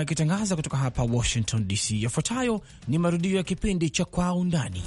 Akitangaza kutoka hapa Washington DC, yafuatayo ni marudio ya kipindi cha Kwa Undani.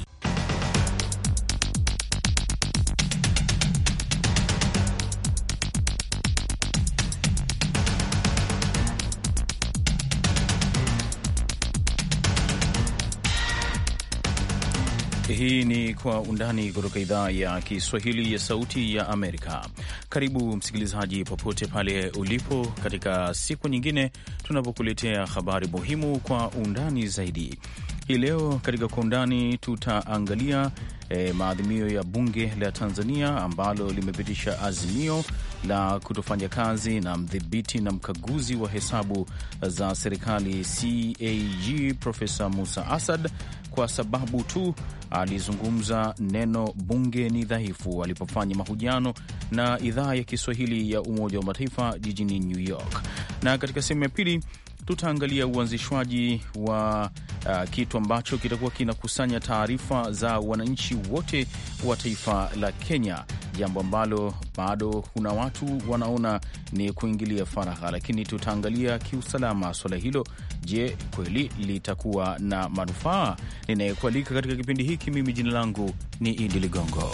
Hii ni Kwa Undani kutoka idhaa ya Kiswahili ya Sauti ya Amerika. Karibu msikilizaji, popote pale ulipo, katika siku nyingine tunapokuletea habari muhimu kwa undani zaidi. Hii leo katika kwa undani tutaangalia e, maadhimio ya bunge la Tanzania ambalo limepitisha azimio la kutofanya kazi na mdhibiti na mkaguzi wa hesabu za serikali CAG Profesa Musa Asad kwa sababu tu alizungumza neno bunge ni dhaifu alipofanya mahojiano na idhaa ya Kiswahili ya Umoja wa Mataifa jijini New York. Na katika sehemu ya pili tutaangalia uanzishwaji wa uh, kitu ambacho kitakuwa kinakusanya taarifa za wananchi wote wa taifa la Kenya, jambo ambalo bado kuna watu wanaona ni kuingilia faragha, lakini tutaangalia kiusalama swala hilo. Je, kweli litakuwa na manufaa? Ninayekualika katika kipindi hiki mimi, jina langu ni Idi Ligongo.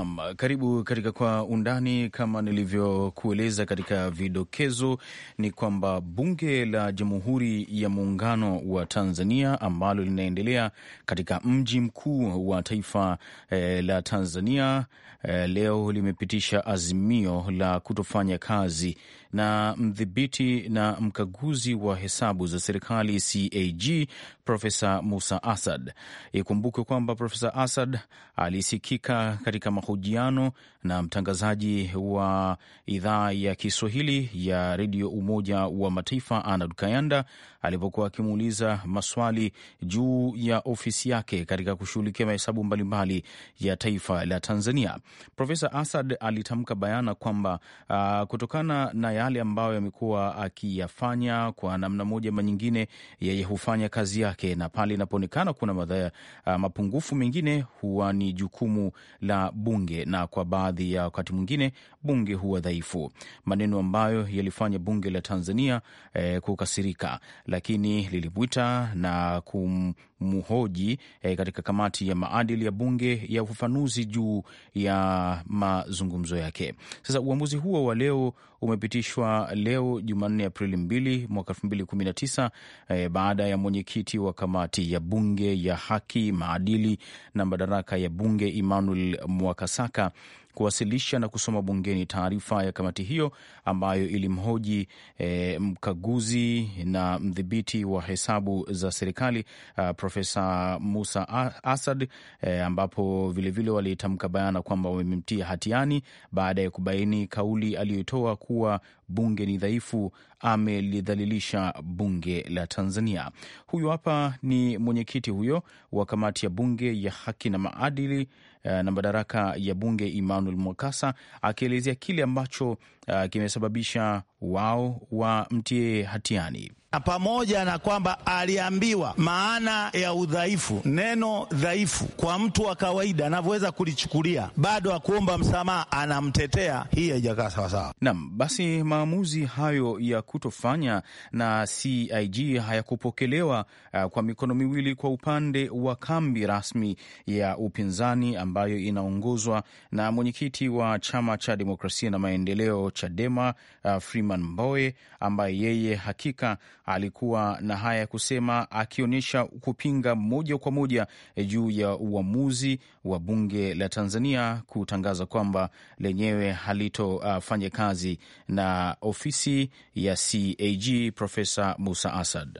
Naam, karibu katika Kwa Undani. Kama nilivyokueleza katika vidokezo, ni kwamba bunge la Jamhuri ya Muungano wa Tanzania ambalo linaendelea katika mji mkuu wa taifa eh, la Tanzania eh, leo limepitisha azimio la kutofanya kazi na mdhibiti na mkaguzi wa hesabu za serikali CAG Profesa Musa Asad. Ikumbukwe kwamba Profesa Asad alisikika katika mahojiano na mtangazaji wa idhaa ya Kiswahili ya redio Umoja wa Mataifa Arnold Kayanda alipokuwa akimuuliza maswali juu ya ofisi yake katika kushughulikia mahesabu mbalimbali ya taifa la Tanzania. Profesa Asad alitamka bayana kwamba uh, kutokana na yale ambayo yamekuwa akiyafanya kwa namna moja ama nyingine, yeye hufanya kazi yake, na pale inapoonekana kuna madhaya, uh, mapungufu mengine huwa ni jukumu la bunge bunge, na kwa baadhi ya wakati mwingine bunge huwa dhaifu, maneno ambayo yalifanya bunge la Tanzania eh, kukasirika, lakini lilimwita na kum mhoji e, eh, katika kamati ya maadili ya bunge ya ufafanuzi juu ya mazungumzo yake. Sasa uamuzi huo wa leo umepitishwa leo Jumanne, Aprili 2 mwaka e, baada ya mwenyekiti wa kamati ya bunge ya haki, maadili na madaraka ya bunge Emmanuel Mwaka saka kuwasilisha na kusoma bungeni taarifa ya kamati hiyo ambayo ilimhoji e, mkaguzi na mdhibiti wa hesabu za serikali ah, Profesa Musa Asad e, ambapo vilevile walitamka bayana kwamba wamemtia hatiani baada ya kubaini kauli aliyotoa kuwa bunge ni dhaifu, amelidhalilisha bunge la Tanzania. Huyu hapa ni mwenyekiti huyo wa kamati ya bunge ya haki na maadili Eh, na madaraka ya bunge Emmanuel Mwakasa akielezea kile ambacho uh, kimesababisha wao wamtie hatiani pamoja na kwamba aliambiwa maana ya udhaifu. Neno dhaifu kwa mtu wa kawaida anavyoweza kulichukulia, bado akuomba msamaha, anamtetea. Hii haijakaa sawasawa. Naam, basi maamuzi hayo ya kutofanya na CIG hayakupokelewa uh, kwa mikono miwili kwa upande wa kambi rasmi ya upinzani ambayo inaongozwa na mwenyekiti wa chama cha demokrasia na maendeleo Chadema, uh, Freeman Mbowe, ambaye yeye hakika alikuwa na haya ya kusema, akionyesha kupinga moja kwa moja eh, juu ya uamuzi wa bunge la Tanzania kutangaza kwamba lenyewe halitofanya uh, kazi na ofisi ya CAG Profesa Musa Asad.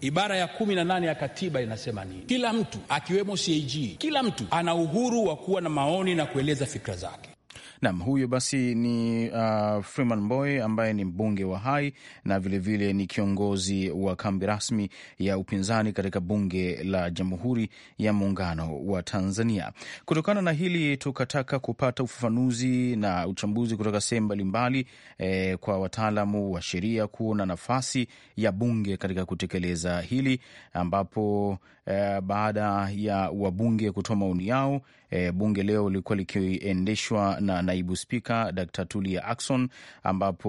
Ibara ya kumi na nane ya katiba inasema nini? Kila mtu akiwemo CAG, kila mtu ana uhuru wa kuwa na maoni na kueleza fikra zake. Nam huyo basi ni uh, Freeman Mbowe ambaye ni mbunge wa Hai na vilevile vile ni kiongozi wa kambi rasmi ya upinzani katika bunge la Jamhuri ya Muungano wa Tanzania. Kutokana na hili, tukataka kupata ufafanuzi na uchambuzi kutoka sehemu mbalimbali eh, kwa wataalamu wa sheria kuona nafasi ya bunge katika kutekeleza hili ambapo Eh, baada ya wabunge kutoa maoni yao. E, bunge leo lilikuwa likiendeshwa na naibu spika Dkt. Tulia Ackson, ambapo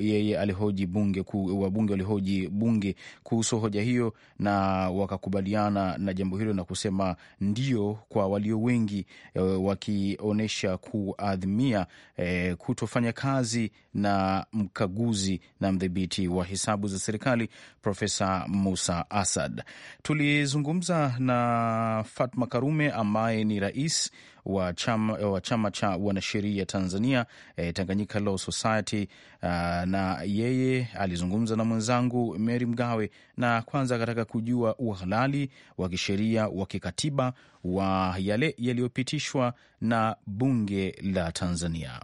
yeye alihoji bunge ku, wabunge walihoji bunge kuhusu hoja hiyo na wakakubaliana na jambo hilo na kusema ndio kwa walio wengi, e, wakionyesha kuadhimia e, kutofanya kazi na mkaguzi na mdhibiti wa hesabu za serikali Profesa Musa Asad. Tulizungumza nimezungumza na Fatma Karume ambaye ni rais wa chama, wa chama cha wanasheria Tanzania eh, Tanganyika Law Society. Uh, na yeye alizungumza na mwenzangu Mary Mgawe, na kwanza akataka kujua uhalali wa kisheria wa kikatiba wa yale yaliyopitishwa na bunge la Tanzania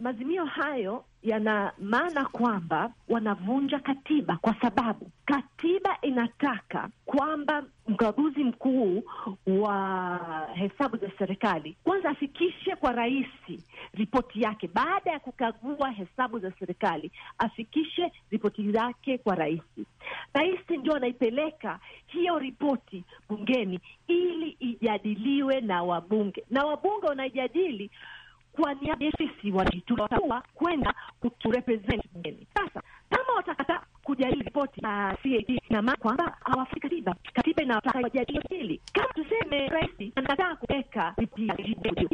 maazimio hayo yana maana kwamba wanavunja katiba, kwa sababu katiba inataka kwamba mkaguzi mkuu wa hesabu za serikali kwanza afikishe kwa rais ripoti yake, baada ya kukagua hesabu za serikali afikishe ripoti zake kwa rais. Rais ndio anaipeleka hiyo ripoti bungeni ili ijadiliwe na wabunge, na wabunge wanaijadili kwa niaba ya sisi wajitutakuwa kwenda kuturepresent bungeni. Sasa kama watakata kujadili ripoti na CAG na maana kwamba hawafiki katiba, katiba inataka wajadili hili. Kama tuseme rais anataka kuweka ripoti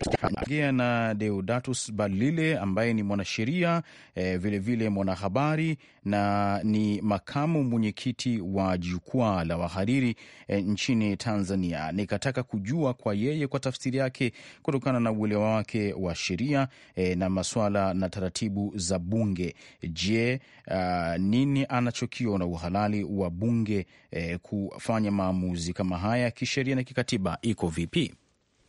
Tunaongea na Deodatus Balile ambaye ni mwanasheria eh, vilevile mwanahabari na ni makamu mwenyekiti wa jukwaa la wahariri eh, nchini Tanzania. Nikataka kujua kwa yeye, kwa tafsiri yake kutokana na uelewa wake wa sheria eh, na maswala na taratibu za bunge. Je, uh, nini anachokiona uhalali wa bunge eh, kufanya maamuzi kama haya kisheria na kikatiba iko vipi? GDP.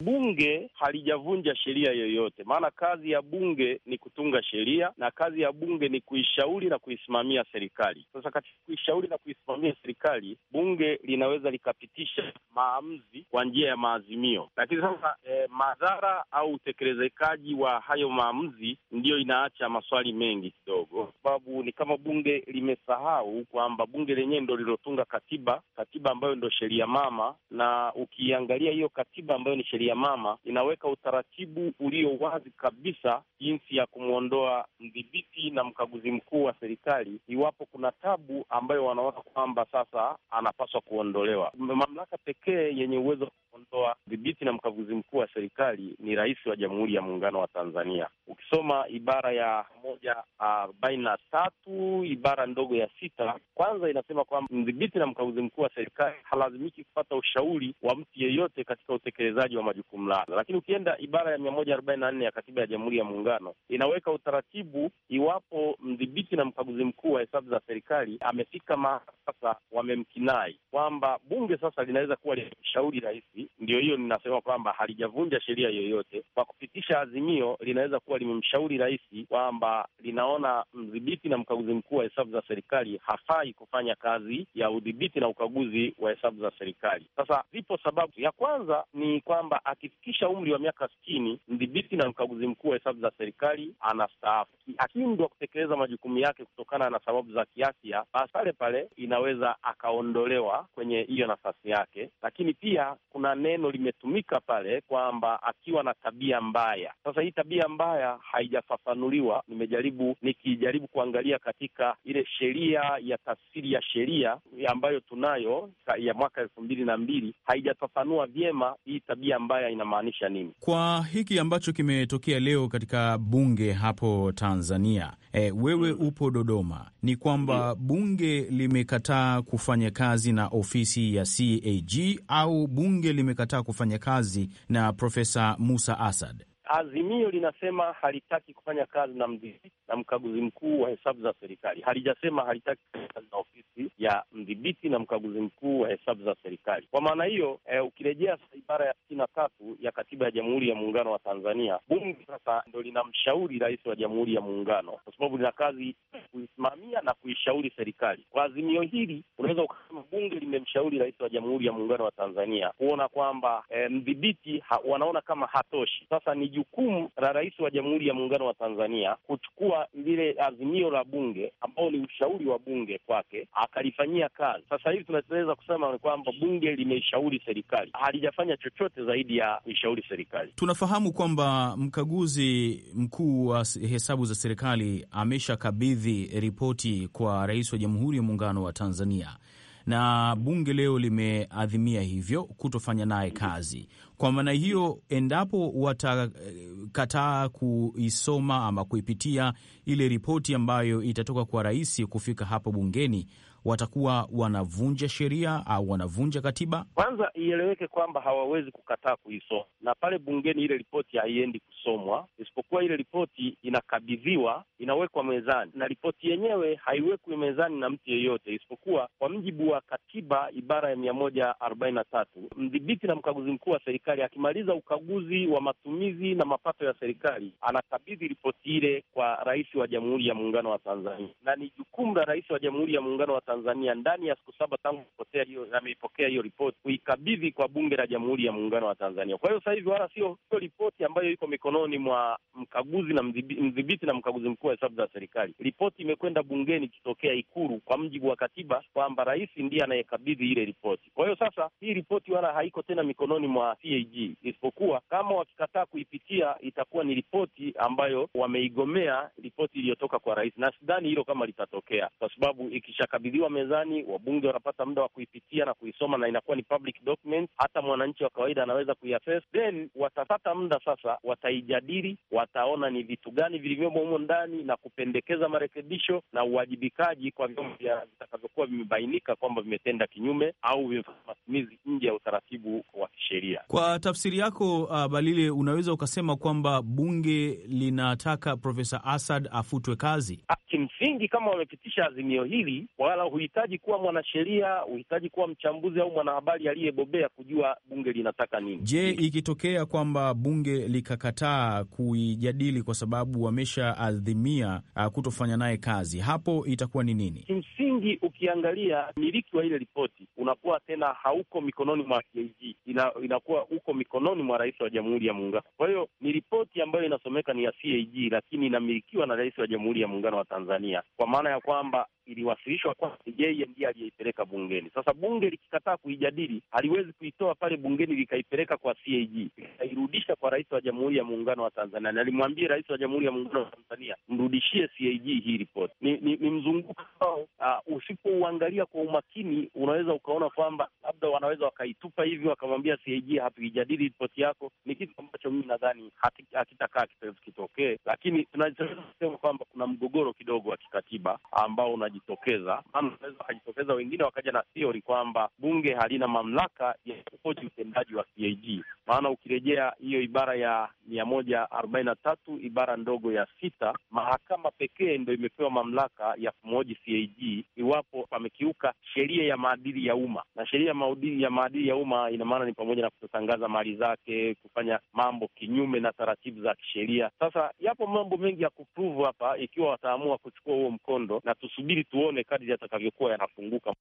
Bunge halijavunja sheria yoyote, maana kazi ya bunge ni kutunga sheria na kazi ya bunge ni kuishauri na kuisimamia serikali. Sasa katika kuishauri na kuisimamia serikali, bunge linaweza likapitisha maamuzi kwa njia ya maazimio, lakini sasa eh, madhara au utekelezekaji wa hayo maamuzi ndiyo inaacha maswali mengi kidogo, sababu ni kama bunge limesahau kwamba bunge lenyewe ndo lilotunga katiba, katiba ambayo ndo sheria mama, na ukiangalia hiyo katiba ambayo ni sheria ya mama inaweka utaratibu ulio wazi kabisa jinsi ya kumwondoa mdhibiti na mkaguzi mkuu wa serikali iwapo kuna tabu ambayo wanaona kwamba sasa anapaswa kuondolewa. Mamlaka pekee yenye uwezo wa kuondoa mdhibiti na mkaguzi mkuu wa serikali ni Rais wa Jamhuri ya Muungano wa Tanzania. Ukisoma ibara ya moja arobaini na tatu ibara ndogo ya sita kwanza inasema kwamba mdhibiti na mkaguzi mkuu wa serikali halazimiki kupata ushauri wa mtu yeyote katika utekelezaji wa jukumu lake. Lakini ukienda ibara ya mia moja arobaini na nne ya katiba ya Jamhuri ya Muungano inaweka utaratibu iwapo mdhibiti na mkaguzi mkuu wa hesabu za serikali amefika mahali sasa wamemkinai kwamba bunge sasa linaweza kuwa linamshauri rais. Ndio hiyo ninasema kwamba halijavunja sheria yoyote kwa kupitisha azimio, linaweza kuwa limemshauri rais kwamba linaona mdhibiti na mkaguzi mkuu wa hesabu za serikali hafai kufanya kazi ya udhibiti na ukaguzi wa hesabu za serikali. Sasa zipo sababu. Ya kwanza ni kwamba akifikisha umri wa miaka sitini, mdhibiti na mkaguzi mkuu wa hesabu za serikali anastaafu. Akindwa kutekeleza majukumu yake kutokana na sababu za kiafya, basi pale pale inaweza akaondolewa kwenye hiyo nafasi yake. Lakini pia kuna neno limetumika pale kwamba akiwa na tabia mbaya. Sasa hii tabia mbaya haijafafanuliwa, nimejaribu nikijaribu kuangalia katika ile sheria ya tafsiri ya sheria ambayo tunayo ya mwaka elfu mbili na mbili haijafafanua vyema hii tabia mbaya mbaya inamaanisha nini? Kwa hiki ambacho kimetokea leo katika bunge hapo Tanzania, e, wewe hmm. upo Dodoma, ni kwamba hmm. bunge limekataa kufanya kazi na ofisi ya CAG au bunge limekataa kufanya kazi na Profesa Musa Asad? Azimio linasema halitaki kufanya kazi na mdhibiti na mkaguzi mkuu wa hesabu za serikali. Halijasema halitaki kufanya kazi na ofisi ya mdhibiti na mkaguzi mkuu wa hesabu za serikali. Kwa maana hiyo, eh, ukirejea sasa ibara ya sitini na tatu ya katiba ya Jamhuri ya Muungano wa Tanzania, bunge sasa ndo linamshauri rais wa Jamhuri ya Muungano, kwa sababu lina kazi kuisimamia na kuishauri serikali. Kwa azimio hili, unaweza ukasema bunge limemshauri rais wa Jamhuri ya Muungano wa Tanzania kuona kwamba eh, mdhibiti ha, wanaona kama hatoshi. Sasa ni jukumu la Rais wa Jamhuri ya Muungano wa Tanzania kuchukua lile azimio la Bunge ambao ni ushauri wa Bunge kwake akalifanyia kazi. Sasa hivi tunaweza kusema ni kwamba Bunge limeishauri serikali, halijafanya chochote zaidi ya kuishauri serikali. Tunafahamu kwamba mkaguzi mkuu wa hesabu za serikali ameshakabidhi ripoti kwa Rais wa Jamhuri ya Muungano wa Tanzania na bunge leo limeadhimia hivyo kutofanya naye kazi. Kwa maana hiyo, endapo watakataa kuisoma ama kuipitia ile ripoti ambayo itatoka kwa rais kufika hapo bungeni watakuwa wanavunja sheria au wanavunja katiba? Kwanza ieleweke kwamba hawawezi kukataa kuisoma, na pale bungeni ile ripoti haiendi kusomwa, isipokuwa ile ripoti inakabidhiwa, inawekwa mezani, na ripoti yenyewe haiwekwi mezani na mtu yeyote, isipokuwa kwa mjibu wa katiba ibara ya mia moja arobaini na tatu mdhibiti na mkaguzi mkuu wa serikali akimaliza ukaguzi wa matumizi na mapato ya serikali anakabidhi ripoti ile kwa rais wa Jamhuri ya Muungano wa Tanzania, na ni jukumu la rais wa Jamhuri ya Muungano wa Tanzania ndani ya siku saba tangu ameipokea hiyo ripoti kuikabidhi kwa Bunge la Jamhuri ya Muungano wa Tanzania. Kwa hiyo sasa hivi wala sio ripoti ambayo iko mikononi mwa mkaguzi na mdhibiti na mkaguzi mkuu wa hesabu za serikali. Ripoti imekwenda bungeni ikitokea Ikulu kwa mjibu wa katiba kwamba rais ndiye anayekabidhi ile ripoti. Kwa hiyo sasa hii ripoti wala haiko tena mikononi mwa CAG, isipokuwa kama wakikataa kuipitia itakuwa ni ripoti ambayo wameigomea, ripoti iliyotoka kwa rais, na sidhani hilo kama litatokea kwa sababu ikishakabidhi inajadiliwa mezani, wabunge wanapata muda wa kuipitia na kuisoma, na inakuwa ni public document, hata mwananchi wa kawaida anaweza kuiaccess. Then watapata muda sasa, wataijadili, wataona ni vitu gani vilivyomo humo ndani na kupendekeza marekebisho na uwajibikaji kwa vyombo vya vitakavyokuwa vimebainika kwamba vimetenda kinyume au vimefanya matumizi nje ya utaratibu wa kisheria. Kwa tafsiri yako, uh, Balile, unaweza ukasema kwamba bunge linataka Profesa Asad afutwe kazi? Kimsingi, kama wamepitisha azimio hili wala huhitaji kuwa mwanasheria, huhitaji kuwa mchambuzi au mwanahabari aliyebobea kujua bunge linataka nini. Je, ikitokea kwamba bunge likakataa kuijadili kwa sababu wameshaadhimia uh, kutofanya naye kazi, hapo itakuwa ni nini? Kimsingi, ukiangalia miliki wa ile ripoti unakuwa tena hauko mikononi mwa CAG, ina, inakuwa uko mikononi mwa rais wa Jamhuri ya Muungano. Kwa hiyo ni ripoti ambayo inasomeka ni ya CAG, lakini inamilikiwa na rais wa Jamhuri ya Muungano wa Tanzania, kwa maana ya kwamba iliwasilishwa kwamba yeye ndiye aliyeipeleka bungeni. Sasa bunge likikataa kuijadili, haliwezi kuitoa pale bungeni likaipeleka kwa CAG likairudisha kwa rais wa Jamhuri ya Muungano wa Tanzania, na alimwambia rais wa Jamhuri ya Muungano wa Tanzania, mrudishie CAG hii ripoti. Ni, ni, ni mzunguko ambao uh, usipouangalia kwa umakini unaweza ukaona kwamba labda wanaweza wakaitupa hivi wakamwambia CAG hatuijadili ripoti yako. Ni kitu ambacho mimi nadhani hakitakaa kitokee, lakini tunaweza kusema kwamba kuna mgogoro kidogo wa kikatiba ambao unaj wakajitokeza ama wanaweza wakajitokeza wengine wakaja na theory kwamba bunge halina mamlaka ya kuhoji utendaji wa CAG maana ukirejea hiyo ibara ya mia moja arobaini na tatu ibara ndogo ya sita, mahakama pekee ndo imepewa mamlaka ya kumhoji CAG iwapo amekiuka sheria ya maadili ya umma, na sheria ya maadili ya umma ina maana ni pamoja na kutotangaza mali zake, kufanya mambo kinyume na taratibu za kisheria. Sasa yapo mambo mengi ya kupruvu hapa, ikiwa wataamua kuchukua huo mkondo, na tusubiri tuone kadri yatakavyokuwa yanafunguka.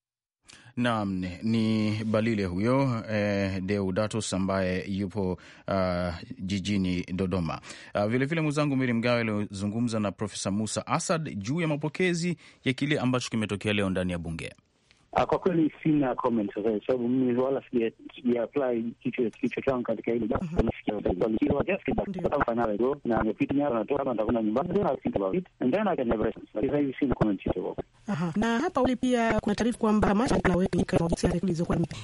Naam, ni Balile huyo eh, Deudatus ambaye yupo uh, jijini Dodoma. Vilevile ah, uh, vile mwenzangu Miri Mgawe aliozungumza na Profesa Musa Asad juu ya mapokezi ya kile ambacho kimetokea leo ndani ya bunge. Ah, kwa kweli sina comment sasa, kwa sababu mimi wala sija kichwa changu katika hili mhm. na hapa uli pia kuna taarifa kwamba macho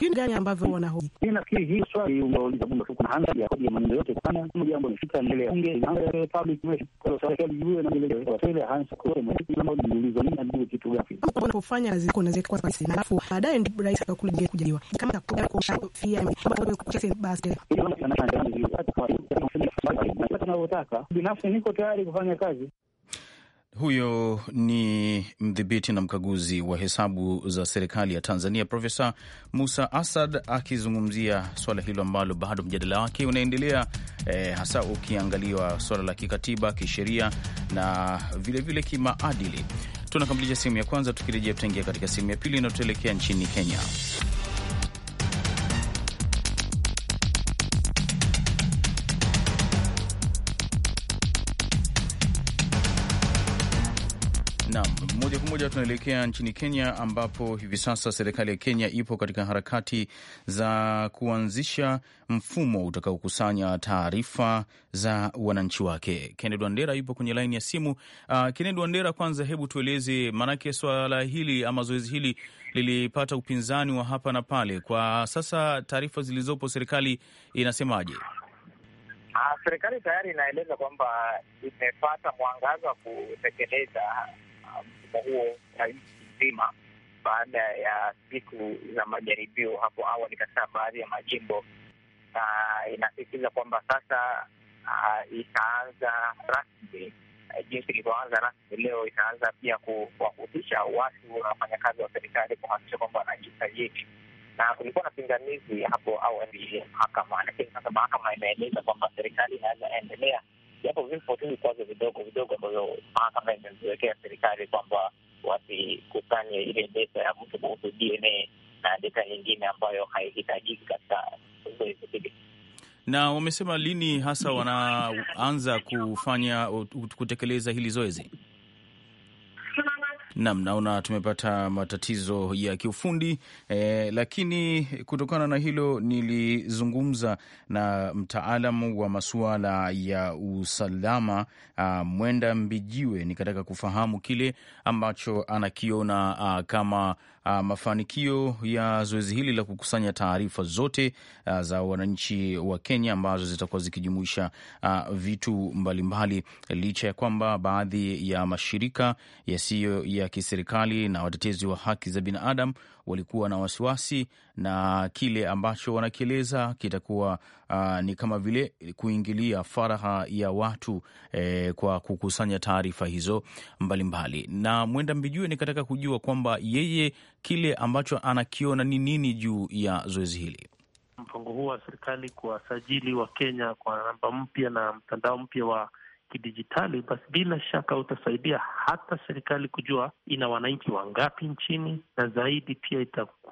na gani ambavyo wanahoji. Mimi nafikiri hii swali umeuliza kuna hanga ya kodi ya maneno yote kama jambo lifika mbele ya bunge public kwa na ile kwa mimi niulizo kitu gani. kwa sisi alafu baadaye ndio rais akakula bunge kujaliwa kama kwa kofia yaani, basi tunataka binafsi, niko tayari kufanya kazi. Huyo ni mdhibiti na mkaguzi wa hesabu za serikali ya Tanzania, Profesa Musa Asad akizungumzia swala hilo ambalo bado mjadala wake unaendelea, eh, hasa ukiangaliwa swala la kikatiba, kisheria na vilevile kimaadili. Tunakamilisha sehemu ya kwanza, tukirejea tutaingia katika sehemu ya pili inayotuelekea nchini Kenya. moja tunaelekea nchini Kenya, ambapo hivi sasa serikali ya Kenya ipo katika harakati za kuanzisha mfumo utakaokusanya taarifa za wananchi wake. Kennedy Wandera yupo kwenye laini ya simu. Uh, Kennedy Wandera, kwanza hebu tueleze, maanake swala hili ama zoezi hili lilipata upinzani wa hapa na pale. Kwa sasa taarifa zilizopo, serikali inasemaje? Ah, serikali tayari inaeleza kwamba imepata mwangaza wa kutekeleza mfumo huo rais nzima baada ya siku za majaribio hapo awali katika baadhi ya majimbo, na inasisitiza kwamba sasa uh, itaanza rasmi eh, jinsi ilivyoanza rasmi leo, itaanza pia kuwahusisha watu na wafanyakazi wa serikali kuhakikisha kwamba wanajisajili. Na kulikuwa na pingamizi hapo awali mahakama, lakini sasa mahakama imeeleza kwamba serikali inaweza endelea japo vipo tu vikwazo vidogo vidogo ambavyo mahakama imeziwekea serikali kwamba wasikusanye ile data ya mtu kuhusu DNA na data nyingine ambayo haihitajiki katika zoezi hili na wamesema lini hasa wanaanza kufanya kutekeleza hili zoezi? Nam, naona tumepata matatizo ya kiufundi eh, lakini kutokana na hilo nilizungumza na mtaalamu wa masuala ya usalama uh, Mwenda Mbijiwe, nikataka kufahamu kile ambacho anakiona uh, kama uh, mafanikio ya zoezi hili la kukusanya taarifa zote uh, za wananchi wa Kenya ambazo zitakuwa zikijumuisha uh, vitu mbalimbali mbali, licha ya kwamba baadhi ya mashirika yasiyo ya, ya kiserikali na watetezi wa haki za binadamu walikuwa na wasiwasi na kile ambacho wanakieleza kitakuwa uh, ni kama vile kuingilia faraha ya watu eh, kwa kukusanya taarifa hizo mbalimbali mbali. Na Mwenda Mbijue nikataka kujua kwamba yeye kile ambacho anakiona ni nini juu ya zoezi hili. Mpango huu wa serikali kuwasajili Wakenya kwa namba mpya na mtandao mpya wa kidijitali, basi bila shaka utasaidia hata serikali kujua ina wananchi wangapi nchini, na zaidi pia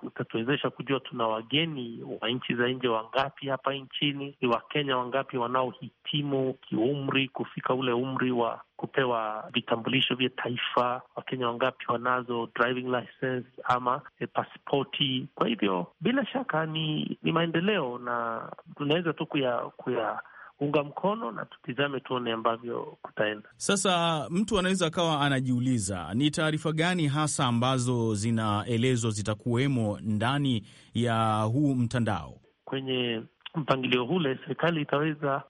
itatuwezesha kujua tuna wageni wa nchi za nje wangapi hapa nchini, ni Wakenya wangapi wanaohitimu kiumri kufika ule umri wa kupewa vitambulisho vya taifa, Wakenya wangapi wanazo driving license ama e, pasipoti. Kwa hivyo bila shaka ni, ni maendeleo na tunaweza tu kuya, kuya kuunga mkono na tutizame tuone ambavyo kutaenda. Sasa mtu anaweza akawa anajiuliza ni taarifa gani hasa ambazo zinaelezwa zitakuwemo ndani ya huu mtandao. Kwenye mpangilio hule, serikali itaweza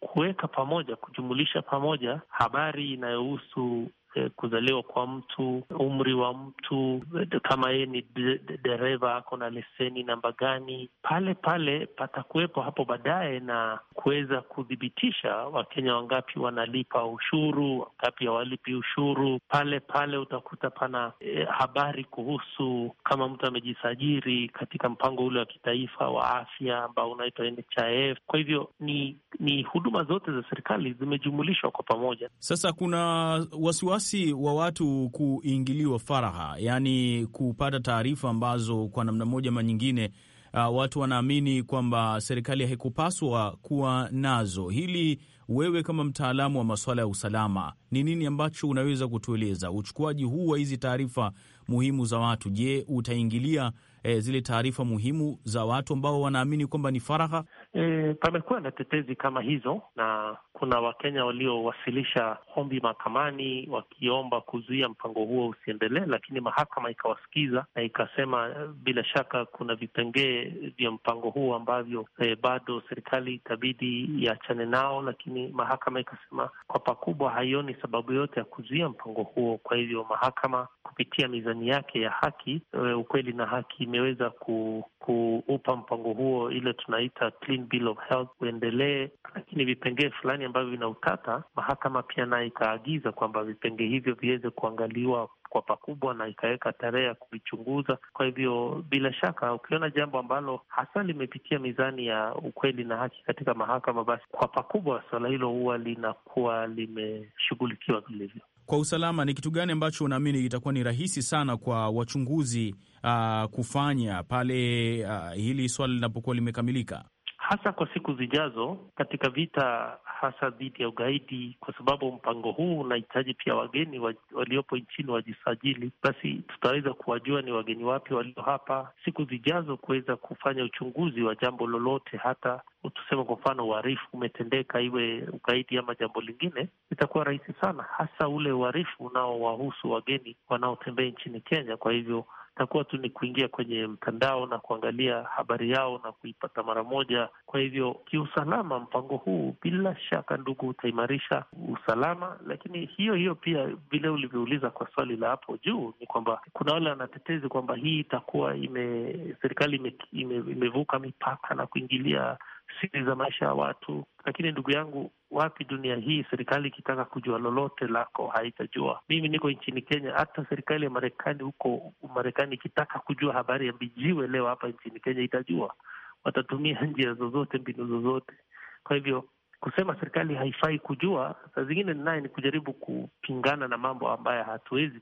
kuweka pamoja, kujumulisha pamoja habari inayohusu Eh, kuzaliwa kwa mtu, umri wa mtu, eh, kama yeye ni dereva, ako na leseni namba gani, pale pale patakuwepo hapo baadaye na kuweza kuthibitisha Wakenya wangapi wanalipa ushuru, wangapi hawalipi ushuru. Pale pale utakuta pana eh, habari kuhusu kama mtu amejisajiri katika mpango ule wa kitaifa wa afya ambao unaitwa NHIF. Kwa hivyo ni, ni huduma zote za serikali zimejumulishwa kwa pamoja. Sasa kuna wasiwasi wasiwasi wa watu kuingiliwa faraha, yaani kupata taarifa ambazo kwa namna moja ama nyingine Uh, watu wanaamini kwamba serikali haikupaswa kuwa nazo. Hili wewe kama mtaalamu wa masuala ya usalama, ni nini ambacho unaweza kutueleza? Uchukuaji huu wa hizi taarifa muhimu za watu, je, utaingilia eh, zile taarifa muhimu za watu ambao wanaamini kwamba ni faraha E, pamekuwa na tetezi kama hizo, na kuna Wakenya waliowasilisha ombi mahakamani wakiomba kuzuia mpango huo usiendelee, lakini mahakama ikawasikiza na ikasema bila shaka kuna vipengee vya mpango huo ambavyo e, bado serikali itabidi iachane nao, lakini mahakama ikasema kwa pakubwa haioni sababu yote ya kuzuia mpango huo. Kwa hivyo mahakama kupitia mizani yake ya haki, e, ukweli na haki, imeweza kuupa mpango huo ile tunaita clean Clean Bill of Health uendelee, lakini vipengee fulani ambavyo vina utata, mahakama pia naye ikaagiza kwamba vipengee hivyo viweze kuangaliwa kwa pakubwa na ikaweka tarehe ya kuvichunguza. Kwa hivyo, bila shaka, ukiona jambo ambalo hasa limepitia mizani ya ukweli na haki katika mahakama, basi kwa pakubwa suala hilo huwa linakuwa limeshughulikiwa vilivyo. Kwa usalama, ni kitu gani ambacho unaamini itakuwa ni rahisi sana kwa wachunguzi uh, kufanya pale uh, hili swala linapokuwa limekamilika? hasa kwa siku zijazo katika vita hasa dhidi ya ugaidi, kwa sababu mpango huu unahitaji pia wageni waliopo nchini wajisajili. Basi tutaweza kuwajua ni wageni wapi walio hapa siku zijazo, kuweza kufanya uchunguzi wa jambo lolote, hata tuseme kwa mfano uharifu umetendeka, iwe ugaidi ama jambo lingine, itakuwa rahisi sana, hasa ule uharifu unaowahusu wageni wanaotembea nchini Kenya. Kwa hivyo itakuwa tu ni kuingia kwenye mtandao na kuangalia habari yao na kuipata mara moja. Kwa hivyo, kiusalama, mpango huu bila shaka, ndugu, utaimarisha usalama, lakini hiyo hiyo pia vile ulivyouliza kwa swali la hapo juu ni kwamba kuna wale wanatetezi kwamba hii itakuwa ime serikali ime, ime, imevuka mipaka na kuingilia siri za maisha ya watu. Lakini ndugu yangu, wapi dunia hii, serikali ikitaka kujua lolote lako haitajua. Mimi niko nchini Kenya, hata serikali ya Marekani huko Marekani ikitaka kujua habari ya Mbijiwe leo hapa nchini Kenya itajua, watatumia njia zozote, mbinu zozote. Kwa hivyo kusema serikali haifai kujua, saa zingine naye ni kujaribu kupingana na mambo ambayo hatuwezi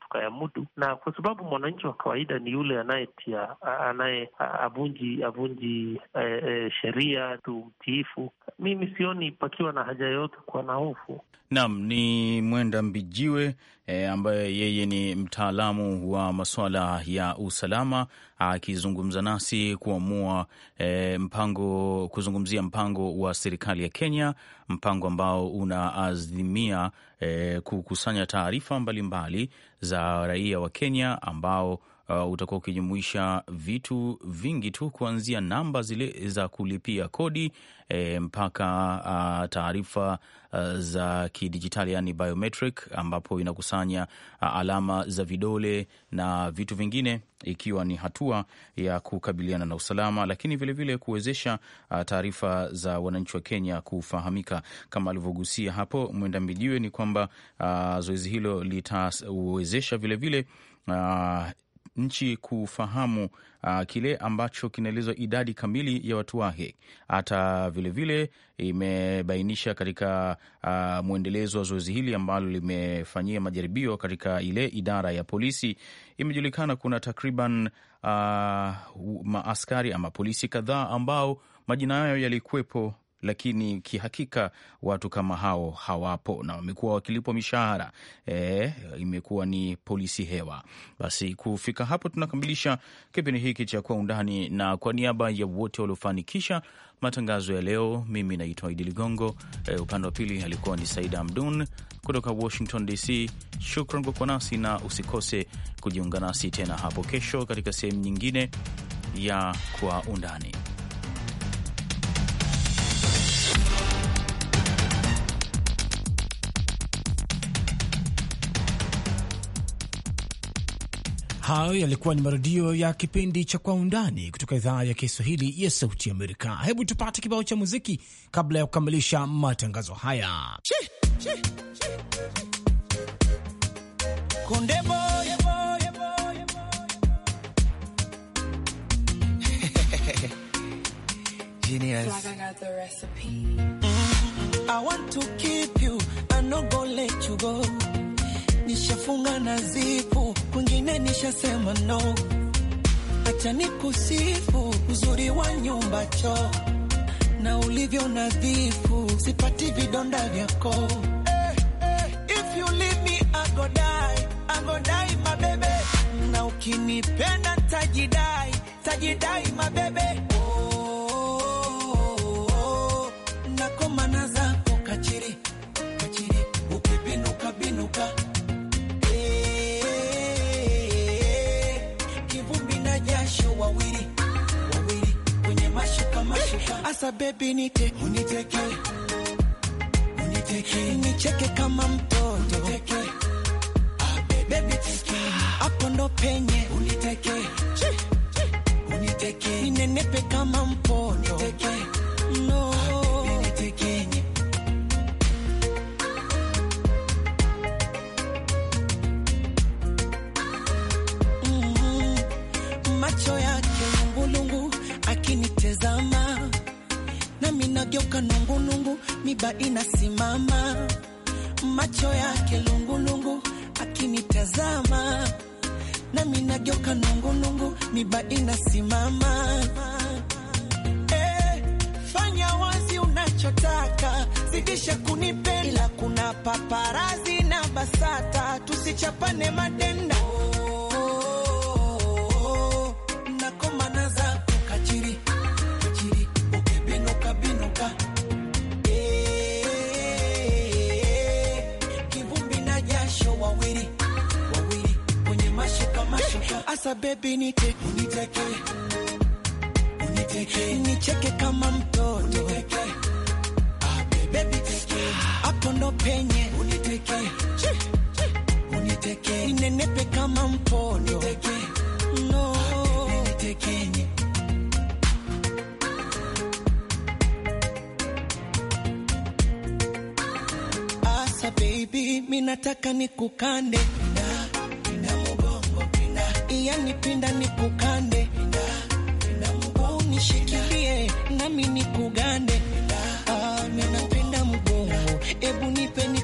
tukayamudu, tuka na kwa sababu mwananchi wa kawaida ni yule anayetia anaye avunji avunji eh, eh, sheria tu mtiifu. Mimi sioni pakiwa na haja yoyote kuwa na hofu. Naam, ni Mwenda Mbijiwe eh, ambaye yeye ni mtaalamu wa masuala ya usalama akizungumza nasi kuamua e, mpango kuzungumzia mpango wa serikali ya Kenya, mpango ambao unaazimia e, kukusanya taarifa mbalimbali za raia wa Kenya ambao uh, utakuwa ukijumuisha vitu vingi tu kuanzia namba zile za kulipia kodi e, mpaka uh, taarifa uh, za kidijitali yani biometric, ambapo inakusanya uh, alama za vidole na vitu vingine, ikiwa ni hatua ya kukabiliana na usalama, lakini vilevile kuwezesha uh, taarifa za wananchi wa Kenya kufahamika. Kama alivyogusia hapo Mwenda Mbijiwe, ni kwamba uh, zoezi hilo litawezesha vilevile Uh, nchi kufahamu uh, kile ambacho kinaelezwa idadi kamili ya watu wake. Hata vilevile imebainisha katika uh, mwendelezo wa zoezi hili ambalo limefanyia majaribio katika ile idara ya polisi, imejulikana kuna takriban uh, maaskari ama polisi kadhaa ambao majina yao yalikuwepo lakini kihakika watu kama hao hawapo na wamekuwa wakilipwa mishahara e, imekuwa ni polisi hewa. Basi kufika hapo, tunakamilisha kipindi hiki cha Kwa Undani, na kwa niaba ya wote waliofanikisha matangazo ya leo, mimi naitwa Idi Ligongo. E, upande wa pili alikuwa ni Saida Amdun kutoka Washington DC. Shukran kwa kuwa nasi na usikose kujiunga nasi tena hapo kesho katika sehemu nyingine ya Kwa Undani. Hayo yalikuwa ni marudio ya kipindi cha Kwa Undani kutoka idhaa ya Kiswahili ya Sauti Amerika. Hebu tupate kibao cha muziki kabla ya kukamilisha matangazo haya shi, shi, shi, I want to keep you, let you go nishafunga na zipu, kwingine nishasema no. Acha nikusifu uzuri wa nyumba cho na ulivyo nadhifu, sipati vidonda vyako hey, eh, eh, hey. If you leave me I go die, I go die my baby, na ukinipenda tajidai, tajidai my baby sasa baby, nite uniteke uniteke nicheke kama mtoto, ah baby, hapo ndo penye Nataka baby niteke, niteke, nicheke kama mtoto, uniteke, ah baby teke, hapo ndo penye, uniteke, uniteke, ninenepe kama mpondo uniteke, no, ah baby niteke nataka nikukande nipinda nikukande, naomba nishikilie nami nikugande, ah, ninapenda mgongo, ebu nipeni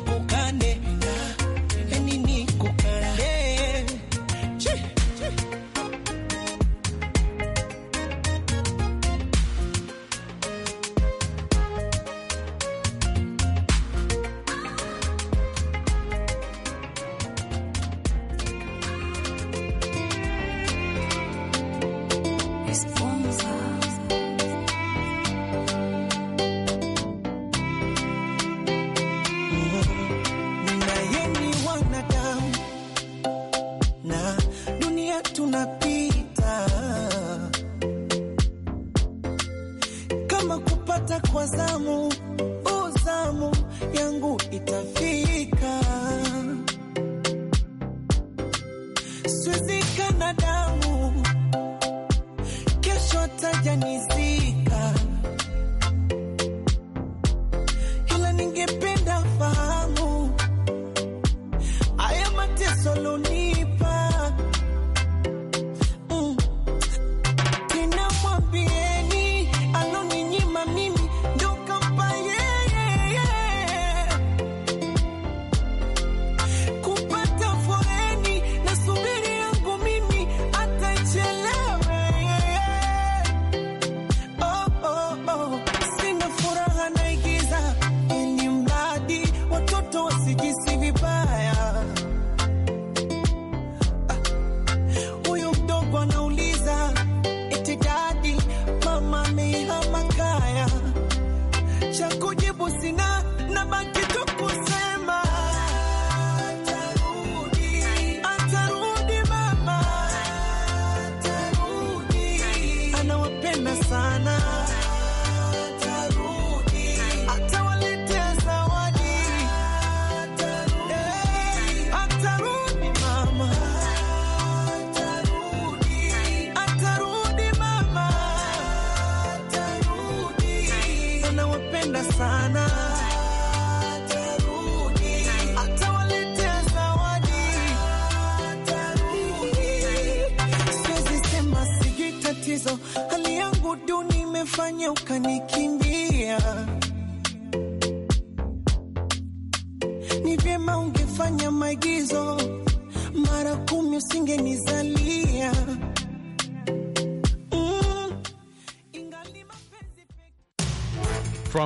now.